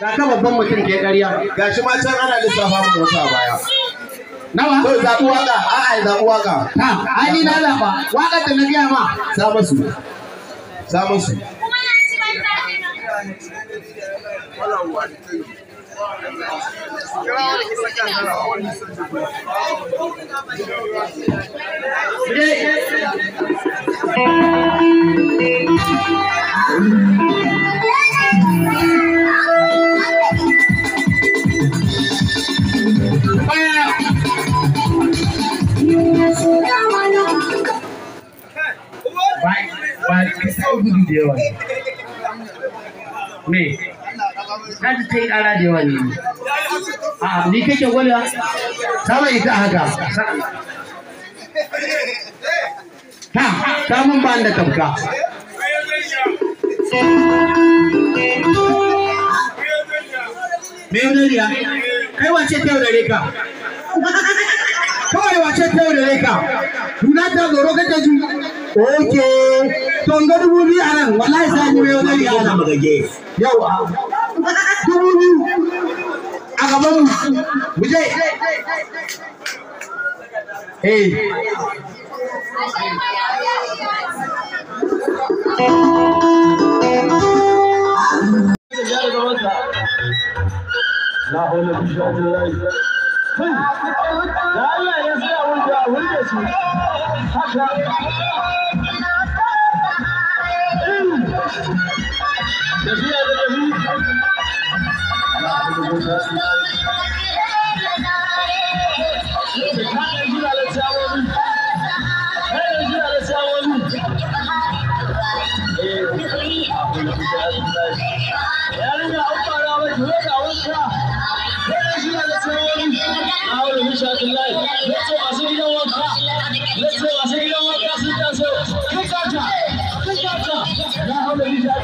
Ga ta babban mutum ke ƙarya. Ga shi ma can ana lissafa mu wasu a baya. Nawa? To zaɓi waƙa, a'a zaɓi waƙa. Ha, ai ni na zaɓa. Waƙar da na gaya ma. Za musu. Sa musu. Thank you. gudu da yawa me ta ƙara da yawa ne a ni kake sama ita haka ta ta mun ba da Me yau kai wace ta yau da Kawai wace ta yau da ka? Duna ta zoro ka ta ju. oke to ga dubu biyu a nan wallahi sai ni mai wani na magage yawa dubu biyu a gaban mu je eh لا حول ولا قوة إلا بالله da ya tsaya da biya da da eh, wanka. da mishan illahi let's masu gidan masu gidan sun taso kata kata na kata yana kana kalemi na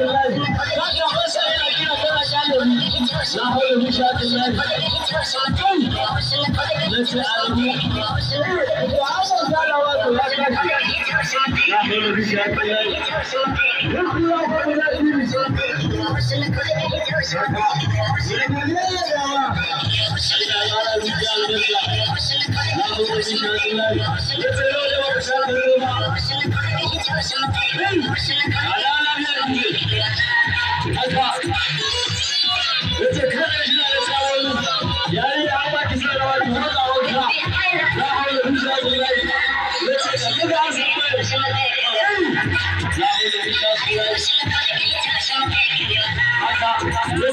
da ya kashi na Let's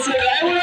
go.